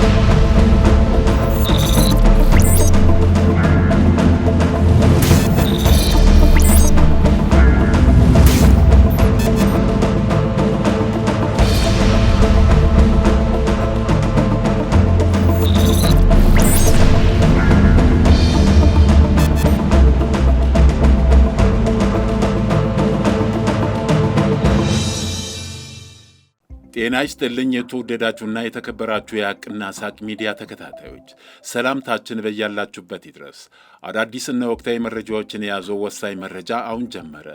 Thank you. ጤና ይስጥልኝ የተወደዳችሁና የተከበራችሁ የአቅና ሳቅ ሚዲያ ተከታታዮች፣ ሰላምታችን በያላችሁበት ይድረስ። አዳዲስና ወቅታዊ መረጃዎችን የያዘው ወሳኝ መረጃ አሁን ጀመረ።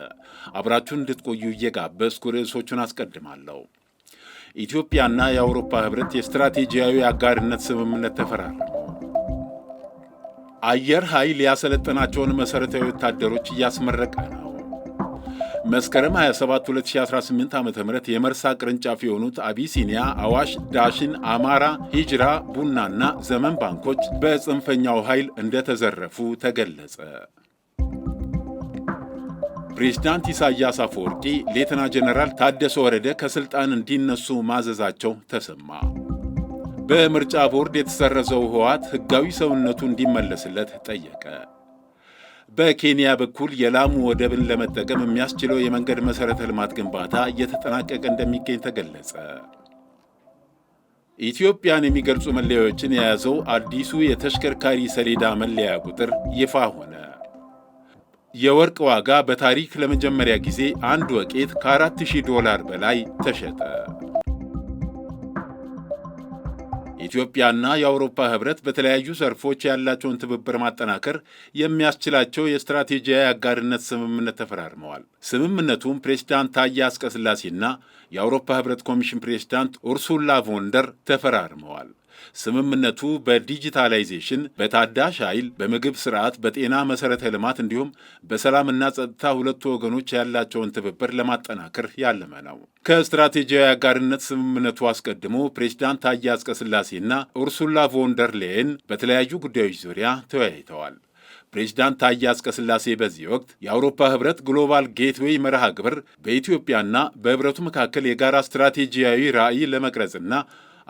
አብራችሁን እንድትቆዩ እየጋበዝኩ ርዕሶቹን አስቀድማለሁ። ኢትዮጵያና የአውሮፓ ህብረት የስትራቴጂያዊ አጋርነት ስምምነት ተፈራረሙ። አየር ኃይል ያሰለጠናቸውን መሠረታዊ ወታደሮች እያስመረቀ ነው። መስከረም 27 2018 ዓ ም የመርሳ ቅርንጫፍ የሆኑት አቢሲኒያ፣ አዋሽ፣ ዳሽን፣ አማራ፣ ሂጅራ፣ ቡናና ዘመን ባንኮች በጽንፈኛው ኃይል እንደተዘረፉ ተገለጸ። ፕሬዝዳንት ኢሳያስ አፈወርቂ ሌተና ጀነራል ታደሰ ወረደ ከስልጣን እንዲነሱ ማዘዛቸው ተሰማ። በምርጫ ቦርድ የተሰረዘው ህወሓት ህጋዊ ሰውነቱ እንዲመለስለት ጠየቀ። በኬንያ በኩል የላሙ ወደብን ለመጠቀም የሚያስችለው የመንገድ መሠረተ ልማት ግንባታ እየተጠናቀቀ እንደሚገኝ ተገለጸ። ኢትዮጵያን የሚገልጹ መለያዎችን የያዘው አዲሱ የተሽከርካሪ ሰሌዳ መለያ ቁጥር ይፋ ሆነ። የወርቅ ዋጋ በታሪክ ለመጀመሪያ ጊዜ አንድ ወቄት ከ4000 ዶላር በላይ ተሸጠ። ኢትዮጵያና የአውሮፓ ህብረት በተለያዩ ዘርፎች ያላቸውን ትብብር ማጠናከር የሚያስችላቸው የስትራቴጂያዊ አጋርነት ስምምነት ተፈራርመዋል። ስምምነቱም ፕሬዚዳንት ታዬ አጽቀሥላሴና የአውሮፓ ህብረት ኮሚሽን ፕሬዚዳንት ኡርሱላ ቮንደር ተፈራርመዋል። ስምምነቱ በዲጂታላይዜሽን፣ በታዳሽ ኃይል፣ በምግብ ስርዓት፣ በጤና መሠረተ ልማት እንዲሁም በሰላምና ጸጥታ ሁለቱ ወገኖች ያላቸውን ትብብር ለማጠናከር ያለመ ነው። ከስትራቴጂያዊ አጋርነት ስምምነቱ አስቀድሞ ፕሬዚዳንት ታዬ አጽቀሥላሴና ኡርሱላ ቮን ሌየን በተለያዩ ጉዳዮች ዙሪያ ተወያይተዋል። ፕሬዚዳንት ታዬ አጽቀሥላሴ በዚህ ወቅት የአውሮፓ ህብረት ግሎባል ጌትዌይ መርሃ ግብር በኢትዮጵያና በህብረቱ መካከል የጋራ ስትራቴጂያዊ ራዕይ ለመቅረጽና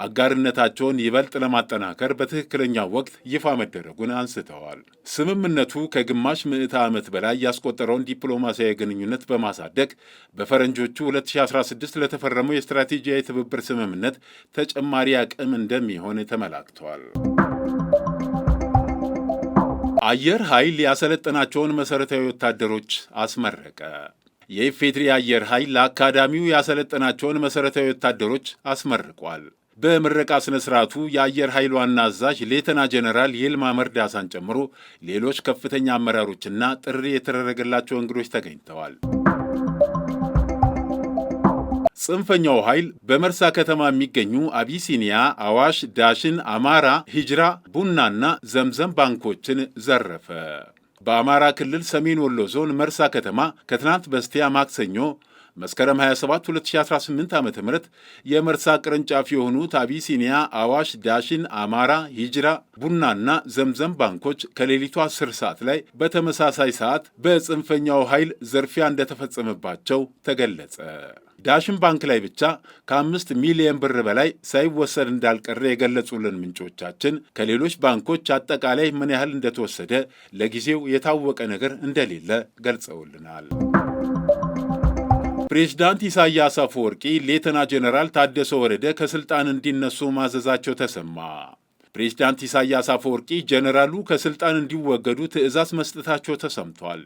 አጋርነታቸውን ይበልጥ ለማጠናከር በትክክለኛው ወቅት ይፋ መደረጉን አንስተዋል። ስምምነቱ ከግማሽ ምዕተ ዓመት በላይ ያስቆጠረውን ዲፕሎማሲያዊ ግንኙነት በማሳደግ በፈረንጆቹ 2016 ለተፈረመው የስትራቴጂያዊ ትብብር ስምምነት ተጨማሪ አቅም እንደሚሆን ተመላክቷል። አየር ኃይል ያሰለጠናቸውን መሠረታዊ ወታደሮች አስመረቀ። የኢፌድሪ አየር ኃይል ለአካዳሚው ያሰለጠናቸውን መሠረታዊ ወታደሮች አስመርቋል። በምረቃ ስነ ስርዓቱ የአየር ኃይል ዋና አዛዥ ሌተና ጀነራል የልማ መርዳሳን ጨምሮ ሌሎች ከፍተኛ አመራሮችና ጥሪ የተደረገላቸው እንግዶች ተገኝተዋል። ጽንፈኛው ኃይል በመርሳ ከተማ የሚገኙ አቢሲኒያ፣ አዋሽ፣ ዳሽን፣ አማራ፣ ሂጅራ፣ ቡናና ዘምዘም ባንኮችን ዘረፈ። በአማራ ክልል ሰሜን ወሎ ዞን መርሳ ከተማ ከትናንት በስቲያ ማክሰኞ መስከረም 27 2018 ዓ ም የመርሳ ቅርንጫፍ የሆኑት አቢሲኒያ፣ አዋሽ፣ ዳሽን፣ አማራ፣ ሂጅራ፣ ቡናና ዘምዘም ባንኮች ከሌሊቱ 10 ሰዓት ላይ በተመሳሳይ ሰዓት በጽንፈኛው ኃይል ዘርፊያ እንደተፈጸመባቸው ተገለጸ። ዳሽን ባንክ ላይ ብቻ ከአምስት ሚሊየን ብር በላይ ሳይወሰድ እንዳልቀረ የገለጹልን ምንጮቻችን ከሌሎች ባንኮች አጠቃላይ ምን ያህል እንደተወሰደ ለጊዜው የታወቀ ነገር እንደሌለ ገልጸውልናል። ፕሬዝዳንት ኢሳያስ አፈወርቂ ሌተና ጄኔራል ታደሰ ወረደ ከስልጣን እንዲነሱ ማዘዛቸው ተሰማ። ፕሬዚዳንት ኢሳያስ አፈወርቂ ጀኔራሉ ከስልጣን እንዲወገዱ ትዕዛዝ መስጠታቸው ተሰምቷል።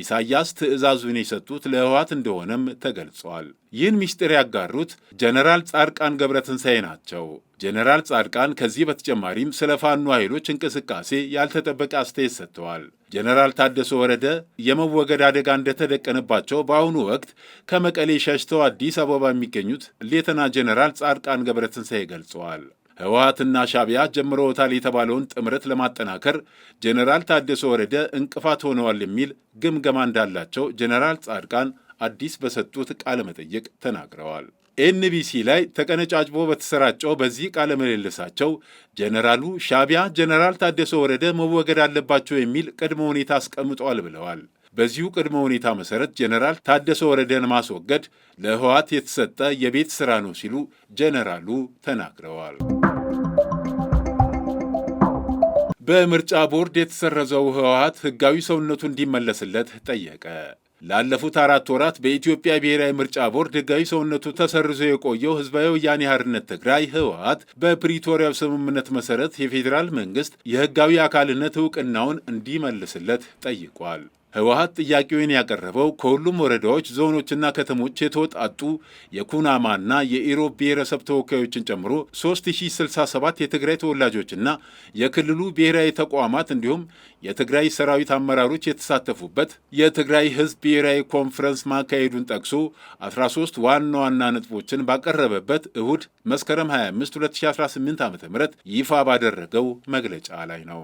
ኢሳያስ ትዕዛዙን የሰጡት ለህወሓት እንደሆነም ተገልጿል። ይህን ምስጢር ያጋሩት ጀነራል ጻድቃን ገብረትንሳኤ ናቸው። ጀነራል ጻድቃን ከዚህ በተጨማሪም ስለ ፋኖ ኃይሎች እንቅስቃሴ ያልተጠበቀ አስተያየት ሰጥተዋል። ጀነራል ታደሰ ወረደ የመወገድ አደጋ እንደተደቀነባቸው በአሁኑ ወቅት ከመቀሌ ሸሽተው አዲስ አበባ የሚገኙት ሌተና ጀኔራል ጻድቃን ገብረትንሳኤ ገልጸዋል። ህወሀትና ሻቢያ ጀምረውታል የተባለውን ጥምረት ለማጠናከር ጀኔራል ታደሰ ወረደ እንቅፋት ሆነዋል የሚል ግምገማ እንዳላቸው ጀኔራል ጻድቃን አዲስ በሰጡት ቃለ መጠይቅ ተናግረዋል። ኤንቢሲ ላይ ተቀነጫጭቦ በተሰራጨው በዚህ ቃለ ምልልሳቸው ጀኔራሉ ሻቢያ ጀነራል ታደሰ ወረደ መወገድ አለባቸው የሚል ቅድመ ሁኔታ አስቀምጧል ብለዋል። በዚሁ ቅድመ ሁኔታ መሰረት ጀነራል ታደሰ ወረደን ማስወገድ ለህወሓት የተሰጠ የቤት ሥራ ነው ሲሉ ጀነራሉ ተናግረዋል። በምርጫ ቦርድ የተሰረዘው ህወሀት ህጋዊ ሰውነቱ እንዲመለስለት ጠየቀ። ላለፉት አራት ወራት በኢትዮጵያ ብሔራዊ ምርጫ ቦርድ ህጋዊ ሰውነቱ ተሰርዞ የቆየው ህዝባዊ ወያኔ ሓርነት ትግራይ ህወሀት በፕሪቶሪያው ስምምነት መሰረት የፌዴራል መንግስት የህጋዊ አካልነት እውቅናውን እንዲመልስለት ጠይቋል። ህወሀት ጥያቄውን ያቀረበው ከሁሉም ወረዳዎች፣ ዞኖችና ከተሞች የተወጣጡ የኩናማና የኢሮብ ብሔረሰብ ተወካዮችን ጨምሮ 3067 የትግራይ ተወላጆችና የክልሉ ብሔራዊ ተቋማት እንዲሁም የትግራይ ሰራዊት አመራሮች የተሳተፉበት የትግራይ ህዝብ ብሔራዊ ኮንፈረንስ ማካሄዱን ጠቅሶ 13 ዋና ዋና ነጥቦችን ባቀረበበት እሁድ መስከረም 25 2018 ዓ ም ይፋ ባደረገው መግለጫ ላይ ነው።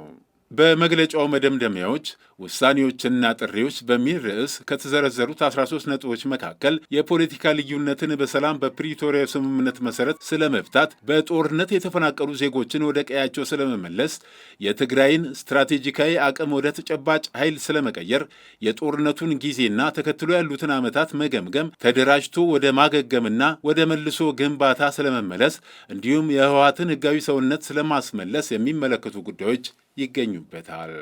በመግለጫው መደምደሚያዎች ውሳኔዎችና ጥሪዎች በሚል ርዕስ ከተዘረዘሩት 13 ነጥቦች መካከል የፖለቲካ ልዩነትን በሰላም በፕሪቶሪያ ስምምነት መሰረት ስለመፍታት፣ በጦርነት የተፈናቀሉ ዜጎችን ወደ ቀያቸው ስለመመለስ፣ የትግራይን ስትራቴጂካዊ አቅም ወደ ተጨባጭ ኃይል ስለመቀየር፣ የጦርነቱን ጊዜና ተከትሎ ያሉትን ዓመታት መገምገም፣ ተደራጅቶ ወደ ማገገምና ወደ መልሶ ግንባታ ስለመመለስ እንዲሁም የህወሓትን ህጋዊ ሰውነት ስለማስመለስ የሚመለከቱ ጉዳዮች ይገኙ ይገኙበታል።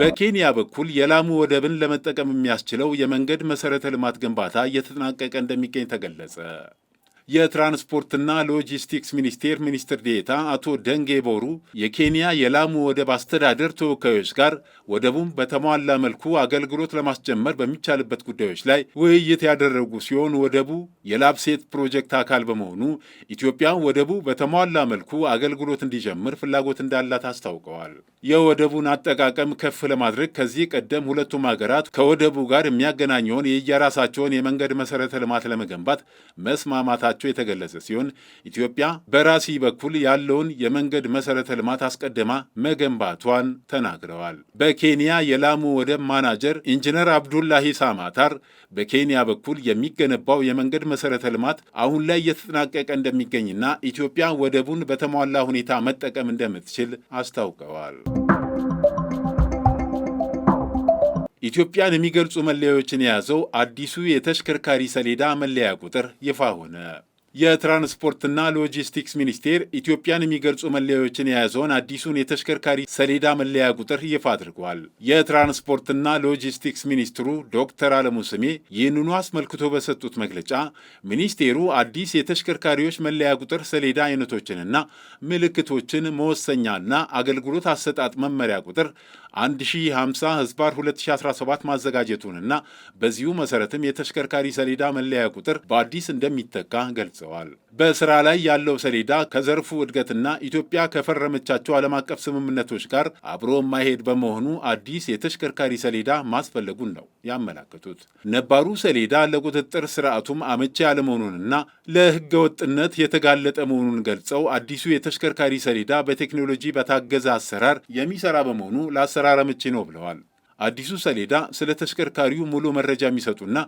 በኬንያ በኩል የላሙ ወደብን ለመጠቀም የሚያስችለው የመንገድ መሠረተ ልማት ግንባታ እየተጠናቀቀ እንደሚገኝ ተገለጸ። የትራንስፖርትና ሎጂስቲክስ ሚኒስቴር ሚኒስትር ዴታ አቶ ደንጌ ቦሩ የኬንያ የላሙ ወደብ አስተዳደር ተወካዮች ጋር ወደቡን በተሟላ መልኩ አገልግሎት ለማስጀመር በሚቻልበት ጉዳዮች ላይ ውይይት ያደረጉ ሲሆን ወደቡ የላብሴት ፕሮጀክት አካል በመሆኑ ኢትዮጵያ ወደቡ በተሟላ መልኩ አገልግሎት እንዲጀምር ፍላጎት እንዳላት አስታውቀዋል። የወደቡን አጠቃቀም ከፍ ለማድረግ ከዚህ ቀደም ሁለቱም ሀገራት ከወደቡ ጋር የሚያገናኘውን የየራሳቸውን የመንገድ መሰረተ ልማት ለመገንባት መስማማታቸው መሆናቸው የተገለጸ ሲሆን ኢትዮጵያ በራሲ በኩል ያለውን የመንገድ መሰረተ ልማት አስቀድማ መገንባቷን ተናግረዋል። በኬንያ የላሙ ወደብ ማናጀር ኢንጂነር አብዱላሂ ሳማታር በኬንያ በኩል የሚገነባው የመንገድ መሰረተ ልማት አሁን ላይ እየተጠናቀቀ እንደሚገኝና ኢትዮጵያ ወደቡን በተሟላ ሁኔታ መጠቀም እንደምትችል አስታውቀዋል። ኢትዮጵያን የሚገልጹ መለያዎችን የያዘው አዲሱ የተሽከርካሪ ሰሌዳ መለያ ቁጥር ይፋ ሆነ። የትራንስፖርትና ሎጂስቲክስ ሚኒስቴር ኢትዮጵያን የሚገልጹ መለያዎችን የያዘውን አዲሱን የተሽከርካሪ ሰሌዳ መለያ ቁጥር ይፋ አድርጓል። የትራንስፖርትና ሎጂስቲክስ ሚኒስትሩ ዶክተር አለሙ ስሜ ይህንኑ አስመልክቶ በሰጡት መግለጫ ሚኒስቴሩ አዲስ የተሽከርካሪዎች መለያ ቁጥር ሰሌዳ አይነቶችንና ምልክቶችን መወሰኛና አገልግሎት አሰጣጥ መመሪያ ቁጥር 1050 ህዝባር 2017 ማዘጋጀቱንና በዚሁ መሰረትም የተሽከርካሪ ሰሌዳ መለያ ቁጥር በአዲስ እንደሚተካ ገልጿል። ገልጸዋል። በስራ ላይ ያለው ሰሌዳ ከዘርፉ እድገትና ኢትዮጵያ ከፈረመቻቸው ዓለም አቀፍ ስምምነቶች ጋር አብሮ የማይሄድ በመሆኑ አዲስ የተሽከርካሪ ሰሌዳ ማስፈለጉን ነው ያመላከቱት። ነባሩ ሰሌዳ ለቁጥጥር ስርዓቱም አመቺ ያለመሆኑንና ለህገወጥነት የተጋለጠ መሆኑን ገልጸው አዲሱ የተሽከርካሪ ሰሌዳ በቴክኖሎጂ በታገዘ አሰራር የሚሰራ በመሆኑ ለአሰራር አመቺ ነው ብለዋል። አዲሱ ሰሌዳ ስለ ተሽከርካሪው ሙሉ መረጃ የሚሰጡና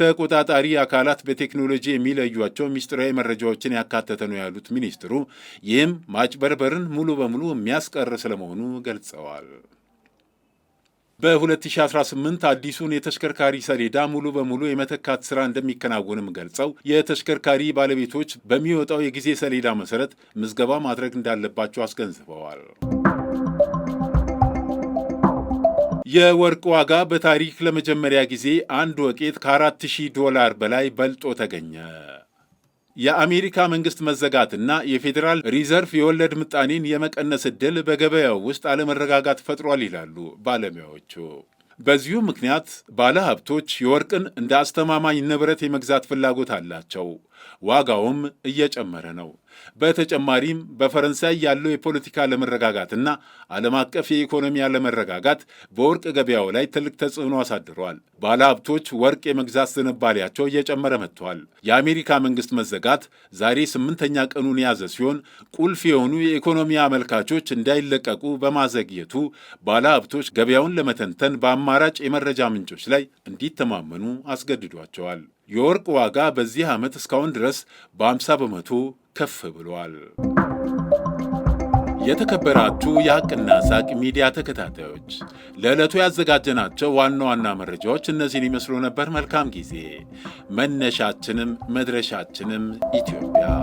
ተቆጣጣሪ አካላት በቴክኖሎጂ የሚለዩቸው ሚስጥራዊ መረጃዎችን ያካተተ ነው ያሉት ሚኒስትሩ፣ ይህም ማጭበርበርን ሙሉ በሙሉ የሚያስቀር ስለመሆኑ ገልጸዋል። በ2018 አዲሱን የተሽከርካሪ ሰሌዳ ሙሉ በሙሉ የመተካት ስራ እንደሚከናወንም ገልጸው የተሽከርካሪ ባለቤቶች በሚወጣው የጊዜ ሰሌዳ መሰረት ምዝገባ ማድረግ እንዳለባቸው አስገንዝበዋል። የወርቅ ዋጋ በታሪክ ለመጀመሪያ ጊዜ አንድ ወቄት ከ4000 ዶላር በላይ በልጦ ተገኘ። የአሜሪካ መንግሥት መዘጋትና የፌዴራል ሪዘርቭ የወለድ ምጣኔን የመቀነስ ዕድል በገበያው ውስጥ አለመረጋጋት ፈጥሯል ይላሉ ባለሙያዎቹ። በዚሁ ምክንያት ባለ ሀብቶች የወርቅን እንደ አስተማማኝ ንብረት የመግዛት ፍላጎት አላቸው። ዋጋውም እየጨመረ ነው። በተጨማሪም በፈረንሳይ ያለው የፖለቲካ አለመረጋጋትና ዓለም አቀፍ የኢኮኖሚ አለመረጋጋት በወርቅ ገበያው ላይ ትልቅ ተጽዕኖ አሳድረዋል። ባለሀብቶች ወርቅ የመግዛት ዝንባሌያቸው እየጨመረ መጥተዋል። የአሜሪካ መንግስት መዘጋት ዛሬ ስምንተኛ ቀኑን የያዘ ሲሆን ቁልፍ የሆኑ የኢኮኖሚ አመልካቾች እንዳይለቀቁ በማዘግየቱ ባለሀብቶች ገበያውን ለመተንተን በአማራጭ የመረጃ ምንጮች ላይ እንዲተማመኑ አስገድዷቸዋል። የወርቅ ዋጋ በዚህ ዓመት እስካሁን ድረስ በ50 በመቶ ከፍ ብሏል። የተከበራችሁ የሐቅና ሳቅ ሚዲያ ተከታታዮች ለዕለቱ ያዘጋጀናቸው ዋና ዋና መረጃዎች እነዚህን ይመስሉ ነበር። መልካም ጊዜ። መነሻችንም መድረሻችንም ኢትዮጵያ።